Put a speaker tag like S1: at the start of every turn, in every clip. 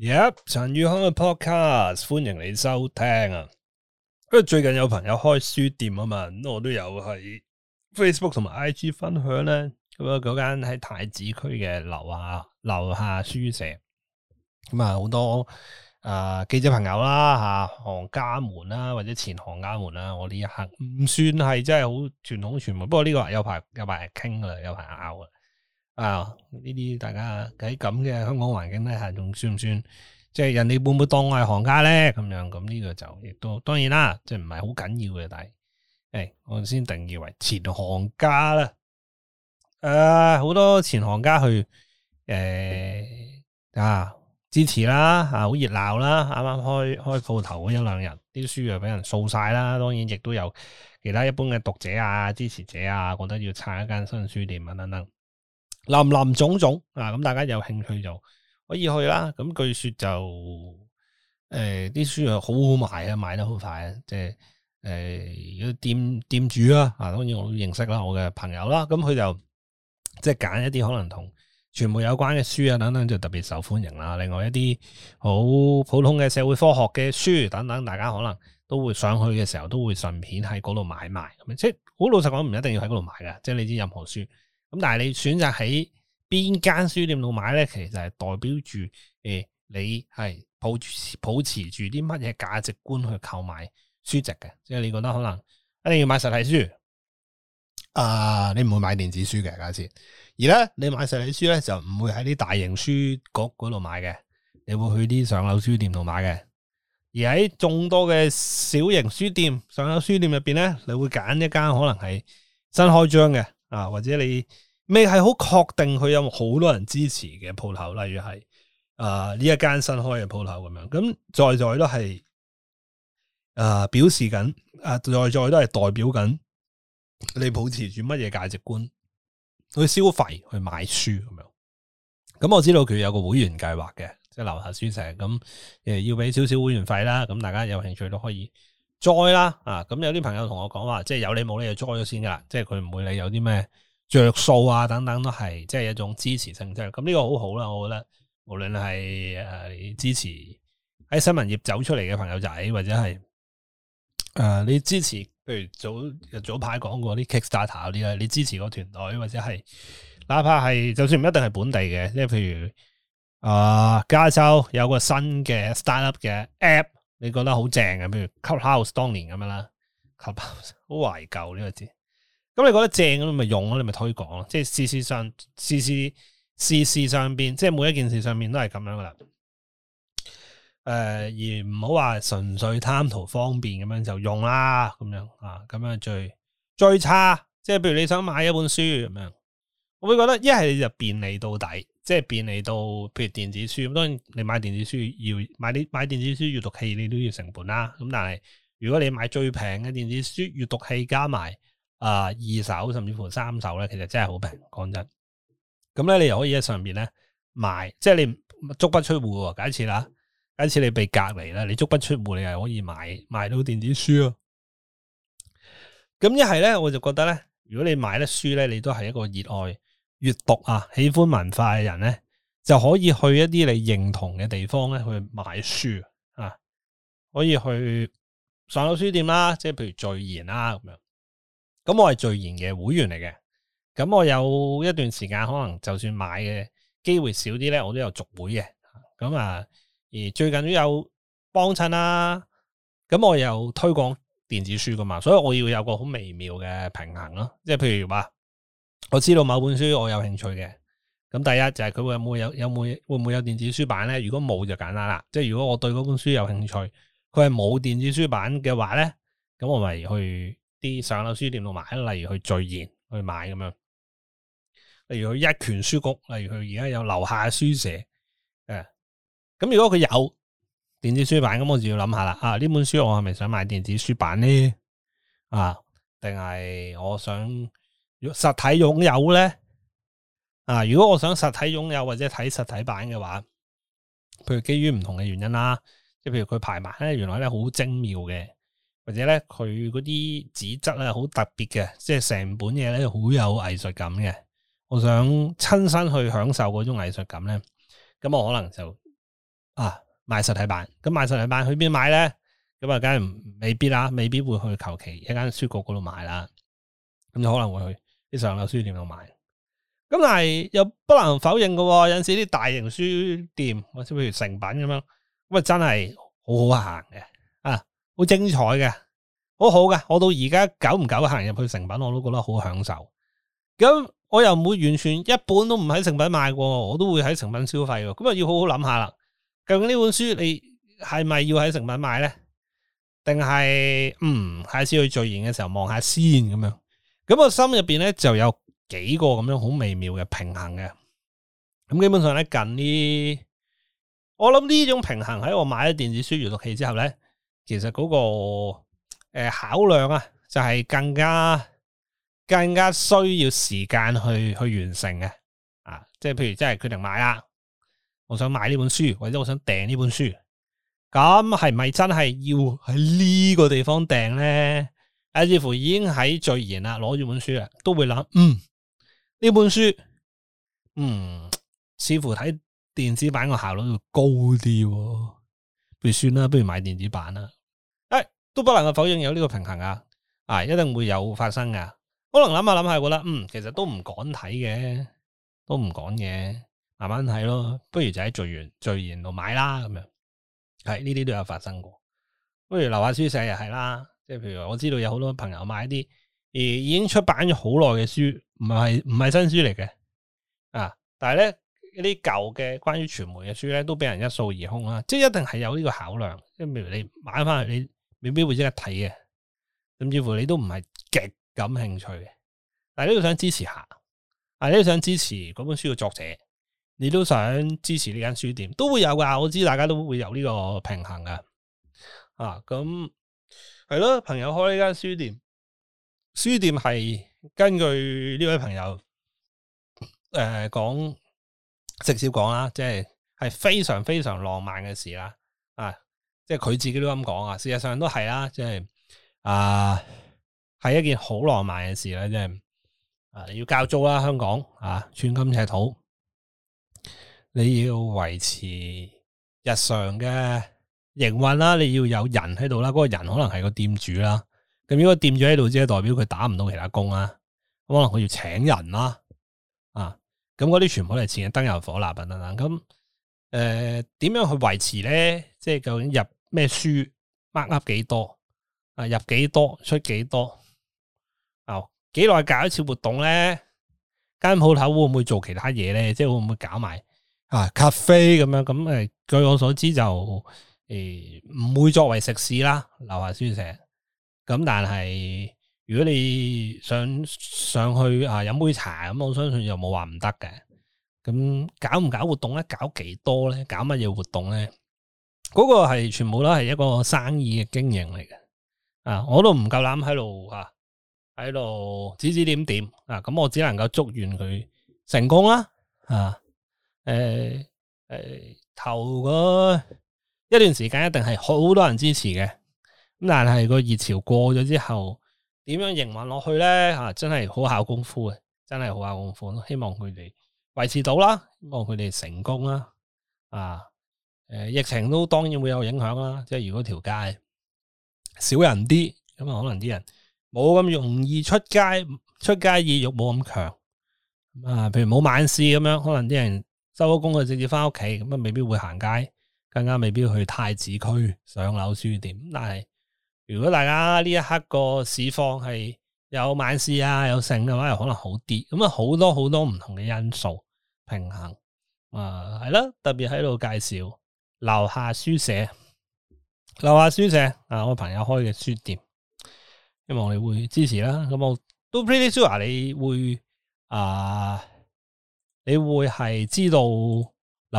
S1: Yep，陳宇康嘅 podcast，歡迎你收聽啊！因為最近有朋友開書店啊嘛，我都有喺 Facebook 同埋 IG 分享咧。咁啊，嗰間喺太子區嘅留下留下書舍，咁啊好多誒、呃、記者朋友啦吓、啊，行家們啦、啊、或者前行家們啦、啊。我呢一刻唔算係真係好傳統傳媒，不過呢個有排有排傾噶，有排拗噶。啊！呢啲大家喺咁嘅香港環境咧，係仲算唔算？即係人哋會唔會當我係行家咧？咁樣咁呢個就亦都當然啦，即係唔係好緊要嘅。但係誒、哎，我先定義為前行家啦。誒、啊，好多前行家去誒、欸、啊支持啦，啊好熱鬧啦。啱啱開開鋪頭嗰一兩日，啲書又俾人掃晒啦。當然亦都有其他一般嘅讀者啊、支持者啊，覺得要撐一間新書店啊等等，等等。林林總總啊！咁大家有興趣就可以去啦。咁、啊、據說就誒，啲、呃、書係好好賣啊，賣得好快啊。即係誒，如果店店主啦、啊，啊，當然我都認識啦，我嘅朋友啦、啊。咁、嗯、佢就即係揀一啲可能同傳媒有關嘅書啊，等等就特別受歡迎啦、啊。另外一啲好普通嘅社會科學嘅書等等，大家可能都會上去嘅時候都會順便喺嗰度買埋。咁即係好老實講，唔一定要喺嗰度買㗎，即係你知任何書。咁但係你選擇喺邊間書店度買咧，其實係代表住誒、欸、你係抱住保持住啲乜嘢價值觀去購買書籍嘅，即係你覺得可能一定要買實體書，啊你唔會買電子書嘅假設。而咧你買實體書咧，就唔會喺啲大型書局嗰度買嘅，你會去啲上樓書店度買嘅。而喺眾多嘅小型書店、上樓書店入邊咧，你會揀一間可能係新開張嘅。啊，或者你未係好確定佢有好多人支持嘅鋪頭，例如係啊呢一間新開嘅鋪頭咁樣，咁在再都係啊、呃、表示緊，啊再再都係代表緊你保持住乜嘢價值觀去消費去買書咁樣。咁我知道佢有個會員計劃嘅，即、就、係、是、留下書舍，咁誒要俾少少會員費啦，咁大家有興趣都可以 join 啦，啊，咁有啲朋友同我講話，即係有你冇你就 join 咗先噶啦，即係佢唔會理有啲咩着數啊，等等都係即係一種支持性質，咁呢個好好啦，我覺得無論係誒支持喺新聞業走出嚟嘅朋友仔，或者係誒、呃、你支持，譬如早早排講過啲 Kickstarter 嗰啲咧，你支持個團隊或者係哪怕係就算唔一定係本地嘅，即係譬如啊、呃、加州有個新嘅 startup 嘅 app。你覺得好正嘅，譬如 Clubhouse 當年咁樣啦，Clubhouse 好懷舊呢個字。咁、mm hmm. Club house, 你覺得正咁，你咪用咯，你咪推廣咯。即係事事上，事事事事上邊，即係每一件事上邊都係咁樣噶啦。誒、呃，而唔好話純粹貪圖方便咁樣就用啦，咁樣啊，咁樣最最差。即係譬如你想買一本書咁樣，我會覺得一係你就便利到底。即係便利到，譬如電子書，當然你買電子書要買啲買電子書閱讀器，你都要成本啦。咁但係如果你買最平嘅電子書閱讀器，加埋啊二手甚至乎三手咧，其實真係好平。講真，咁咧你又可以喺上邊咧買，即係你足不出戶。假設啦，假設你被隔離啦，你足不出戶，你係可以買買到電子書啊。咁一係咧，我就覺得咧，如果你買得書咧，你都係一個熱愛閱讀啊，喜歡文化嘅人咧，就可以去一啲你認同嘅地方咧，去買書啊，可以去上樓書店啦、啊，即係譬如序言啦咁樣。咁、啊、我係序言嘅會員嚟嘅，咁我有一段時間可能就算買嘅機會少啲咧，我都有續會嘅。咁啊，而最近都有幫襯啦。咁、啊、我又推廣電子書㗎嘛，所以我要有個好微妙嘅平衡咯、啊。即係譬如話、啊。我知道某本書我有興趣嘅，咁第一就係、是、佢會唔會有有，有會會唔會有電子書版咧？如果冇就簡單啦，即係如果我對嗰本書有興趣，佢係冇電子書版嘅話咧，咁我咪去啲上樓書店度買，例如去序言去買咁樣，例如去一拳書局，例如佢而家有留下書舍，誒、嗯，咁如果佢有電子書版，咁我就要諗下啦，啊，呢本書我係咪想買電子書版咧？啊，定係我想？若實體擁有咧啊，如果我想實體擁有或者睇實體版嘅話，譬如基於唔同嘅原因啦，即係譬如佢排版咧原來咧好精妙嘅，或者咧佢嗰啲紙質咧好特別嘅，即係成本嘢咧好有藝術感嘅，我想親身去享受嗰種藝術感咧，咁我可能就啊買實體版，咁買實體版去邊買咧？咁啊梗係未必啦，未必會去求其一間書局嗰度買啦，咁就可能會去。啲上樓書店度買，咁但係又不能否認嘅，哦，有陣時啲大型書店，或者譬如誠品咁樣，咁啊真係好好行嘅，啊好精彩嘅，好好嘅。我到而家久唔久行入去誠品，我都覺得好享受。咁我又唔會完全一本都唔喺誠品買過，我都會喺誠品消費。咁啊要好好諗下啦。究竟呢本書你係咪要喺誠品買咧？定係嗯，下次去聚賢嘅時候望下先咁樣。咁我心入邊咧就有幾個咁樣好微妙嘅平衡嘅。咁基本上咧近呢，我諗呢種平衡喺我買咗電子書閱讀器之後咧，其實嗰個誒考量啊，就係更加更加需要時間去去完成嘅，啊，即係譬如即係決定買啦，我想買呢本書，或者我想訂呢本書，咁係咪真係要喺呢個地方訂咧？甚似乎已經喺序言啦，攞住本書咧，都會諗，嗯，呢本書，嗯，似乎睇電子版個效率要高啲，哦，不如算啦，不如買電子版啦。誒、哎，都不能去否認有呢個平衡噶，啊，啊、哎，一定會有發生噶。可能諗下諗下，覺得嗯，其實都唔趕睇嘅，都唔趕嘅，慢慢睇咯。不如就喺序言序言度買啦，咁樣係呢啲都有發生過。不如留下書舍又係啦。即係譬如話，我知道有好多朋友買啲而已經出版咗好耐嘅書，唔係唔係新書嚟嘅啊！但係咧，嗰啲舊嘅關於傳媒嘅書咧，都俾人一掃而空啦。即係一定係有呢個考量，即係譬如你買翻去，你未必會即刻睇嘅，甚至乎你都唔係極感興趣嘅。但係你都想支持下，但、啊、係你想支持嗰本書嘅作者，你都想支持呢間書店，都會有噶。我知大家都會有呢個平衡噶啊，咁、嗯。係咯，朋友開呢間書店，書店係根據呢位朋友誒講、呃，直接講啦，即係係非常非常浪漫嘅事啦。啊，即係佢自己都咁講啊，事實上都係啦，即係啊係一件好浪漫嘅事啦，即係啊你要交租啦，香港啊寸金尺土，你要維持日常嘅，營運啦，你要有人喺度啦，嗰個人可能係個店主啦。咁如果店主喺度，即係代表佢打唔到其他工啦。咁可能佢要請人啦。啊，咁嗰啲全部都係前日燈油火蠟，等等等。咁誒，點樣去維持咧？即係究竟入咩書，mark up 幾多啊？入幾多，出幾多？啊、哦，幾耐搞一次活動咧？間鋪頭會唔會做其他嘢咧？即係會唔會搞埋啊？咖啡咁樣咁誒、嗯？據我所知就。誒，唔、欸、會作為食肆啦，留下書舍。咁但係，如果你想上去啊飲杯茶，咁我相信又冇話唔得嘅。咁搞唔搞活動咧？搞幾多咧？搞乜嘢活動咧？嗰、那個係全部都係一個生意嘅經營嚟嘅。啊，我都唔夠膽喺度啊，喺度指指點點。啊，咁我只能夠祝願佢成功啦。啊，誒、欸、誒，頭、欸一段時間一定係好多人支持嘅，咁但係個熱潮過咗之後，點樣營運落去咧？吓、啊，真係好考功夫嘅，真係好考功夫。希望佢哋維持到啦，希望佢哋成功啦。啊，誒、呃，疫情都當然會有影響啦。即係如果條街少人啲，咁啊，可能啲人冇咁容易出街，出街意欲冇咁強。啊，譬如冇晚市咁樣，可能啲人收咗工佢直接翻屋企，咁啊，未必會行街。更加未必去太子區上樓書店，但係如果大家呢一刻個市況係有晚市啊，有剩嘅話，又可能好啲。咁啊好多好多唔同嘅因素平衡啊，係啦，特別喺度介紹留下書舍，留下書舍，啊我朋友開嘅書店，希望你會支持啦。咁我都 pretty sure 你會啊，你會係知道留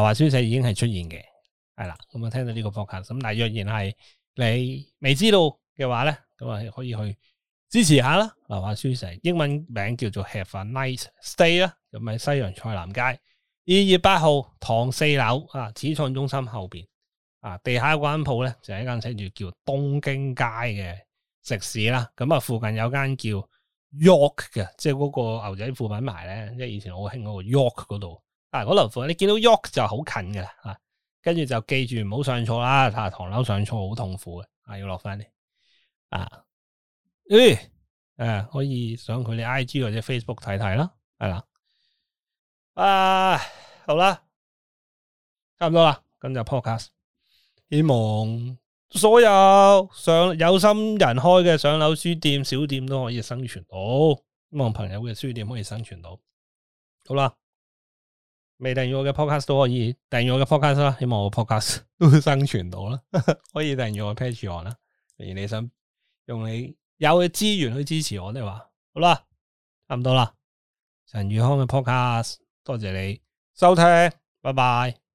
S1: 下書舍已經係出現嘅。係啦，咁啊、嗯，聽到呢個博客，咁但係若然係你未知道嘅話咧，咁啊可以去支持下啦。留下書舍，英文名叫做 Have a Nice Stay 啦，咁喺西洋菜南街二月八號，唐四樓啊，始創中心後邊啊，地下嗰間鋪咧就係、是、一間寫住叫東京街嘅食肆啦。咁啊，附近有間叫 York 嘅，即係嗰個牛仔褲品牌咧，即係以前好興嗰個 York 嗰度啊，嗰樓房你見到 York 就好近嘅啦啊！跟住就記住唔好上錯啦，下唐樓上錯好痛苦嘅，啊，要落翻嚟。啊，誒，誒，可以上佢哋 I G 或者 Facebook 睇睇啦，係啦，啊，好啦，差唔多啦，跟住 podcast，希望所有上有心人開嘅上樓書店小店都可以生存到，希望朋友嘅書店可以生存到，好啦。未訂閱我嘅 podcast 都可以訂閱我嘅 podcast 啦，希望我嘅 podcast 都生存到啦， 可以訂閱我嘅 Patreon 啦，而你想用你有嘅資源去支持我，嘅話，好啦，差唔多啦，陳宇康嘅 podcast 多謝你收聽，拜拜。